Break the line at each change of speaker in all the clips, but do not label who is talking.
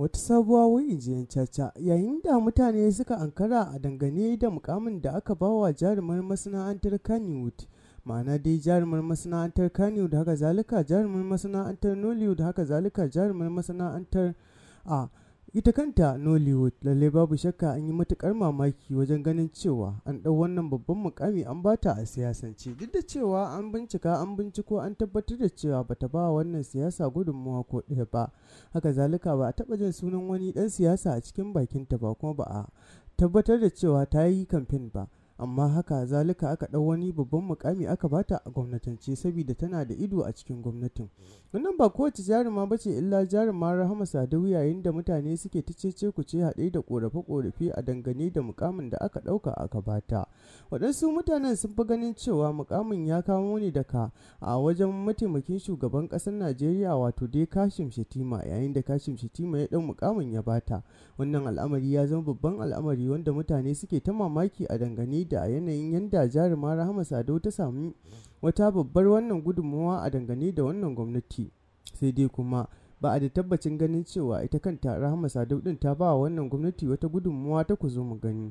wata sabuwa injiyan caca yayin da mutane suka ankara a dangane da mukamin da aka bawa jarumar masana'antar kanywood ma'ana dai jarumar masana'antar kanywood haka zalika jarumar masana'antar nollywood haka zalika jarumar masana'antar a ah, ita kanta nollywood lalle babu shakka an yi matukar mamaki wajen ganin cewa an ɗau wannan babban mukami an bata a siyasance duk da cewa an bincika an binciko an tabbatar da cewa bata ba wannan siyasa gudunmawa ko ɗaya ba haka zalika ba a taba jin sunan wani ɗan siyasa a cikin bakinta ba kuma ba a tabbatar da cewa ta yi kamfen ba amma haka zalika aka ɗau wani babban mukami aka bata a gwamnatance saboda tana da ido a cikin gwamnatin wannan ba kowace jaruma ba ce illa jaruma rahama sadau yayin da mutane suke ta cece ku ce haɗe da ƙorafe-ƙorafe a dangane da mukamin da aka ɗauka aka bata waɗansu mutanen sun fi ganin cewa mukamin ya kamo ne daga a wajen mataimakin shugaban ƙasar najeriya wato dai kashim shetima yayin da kashim shetima ya ɗau mukamin ya bata wannan al'amari ya zama babban al'amari wanda mutane suke ta mamaki a dangane da a yanayin yadda jaruma rahama sadau ta sami wata babbar wannan gudunmawa a dangane da wannan gwamnati sai dai kuma ba a da tabbacin ganin cewa ita kanta rahama sadau din ta ba wannan gwamnati wata gudunmawa ta ku zo mu gani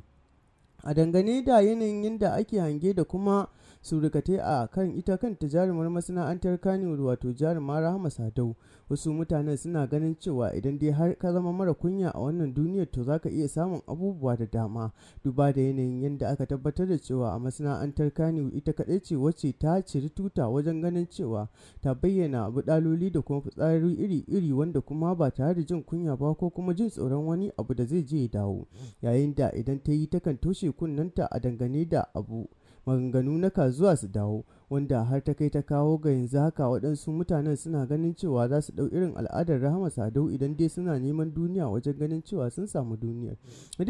a dangane da yanayin yadda ake hange da kuma surikatai a kan ita kanta jarumar masana'antar kanewar wato jarumar rahama sadau wasu mutanen suna ganin cewa idan dai har ka zama mara kunya a wannan duniyar to zaka iya samun abubuwa da dama duba da yanayin yadda aka tabbatar da cewa a masana'antar kanewar ita kaɗai ce wacce ta ciri tuta wajen ganin cewa ta bayyana abu daloli da kuma fitsari iri-iri wanda kuma ba tare da jin kunya ba ko kuma jin tsoron wani abu da zai je ya dawo yayin da idan ta yi takan toshe ta a dangane da abu maganganu na kazuwa zuwa su dawo wanda har ta kai ta kawo ga yanzu haka waɗansu mutanen suna ganin cewa za su ɗau irin al'adar rahama sadau idan dai suna neman duniya wajen ganin cewa sun samu duniyar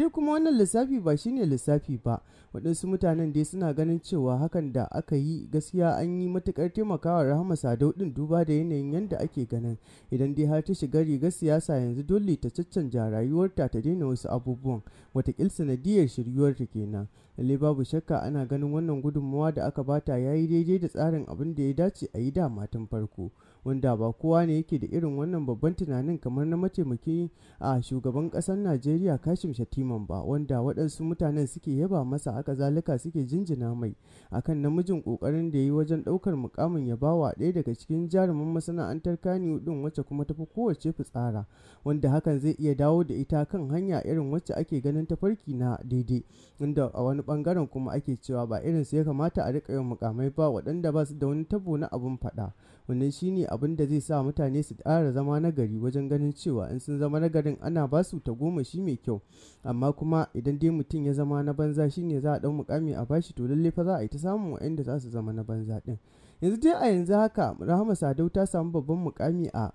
dai kuma wannan lissafi ba shine lissafi ba waɗansu mutanen dai suna ganin cewa hakan da aka yi gaskiya an yi matukar taimakawa rahama sadau ɗin duba da yanayin yadda ake ganin idan dai har ta shiga rigar siyasa yanzu dole ta caccanja rayuwarta ta daina wasu abubuwan watakil sanadiyar shiryuwarta kenan lalle babu shakka ana ganin wannan gudunmawa da aka bata yayi daidai da tsarin abin da ya dace a yi da matan farko wanda ba kowa ne yake da irin wannan babban tunanin kamar na mataimaki a shugaban kasar najeriya kashim shatiman ba wanda waɗansu mutanen suke yaba masa aka zalika suke jinjina mai akan namijin ƙoƙarin da ya yi wajen ɗaukar mukamin ya bawa ɗaya daga cikin jaruman masana'antar kaniyu ɗin wacce kuma tafi kowace fitsara wanda hakan zai iya dawo da ita kan hanya irin wacce ake ganin ta farki na daidai inda a wani bangaren kuma ake cewa ba irin su ya kamata a riƙa yin mukamai ba waɗanda ba su da wani tabo na abun faɗa wannan shine abin da zai sa mutane su ƙara zama nagari wajen ganin cewa in sun zama nagarin ana ba su shi mai kyau amma kuma idan dai mutum ya zama na banza shine za a ɗau mukami a bashi to lalle fa za a yi ta samun waɗanda za su zama na banza ɗin yanzu dai a yanzu haka rahama sadau ta samu babban mukami a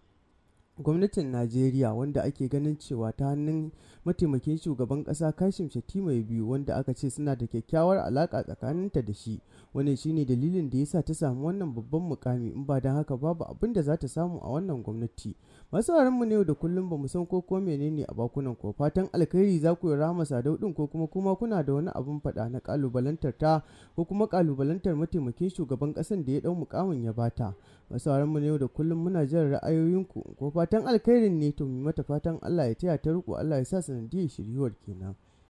gwamnatin najeriya wanda ake ganin cewa ta hannun mataimakin shugaban kasa kashim mai biyu wanda aka ce suna da kyakkyawar alaka tsakaninta da shi wani shine dalilin da ya sa ta samu wannan babban mukami in ba don haka babu abin da za ta samu a wannan gwamnati masu mu ne da kullum ba mu san ko ko menene a bakunan ko fatan alkhairi za ku rama sadau din ko kuma kuma kuna da wani abin faɗa na kalubalantar ta ko kuma kalubalantar mataimakin shugaban kasan da ya dau mukamin ya bata masu mu ne da kullum muna jin ra'ayoyinku ko fatan alkhairin ne to mu mata fatan Allah ya taya ta riko Allah ya sa sanadiyar shiryuwar kenan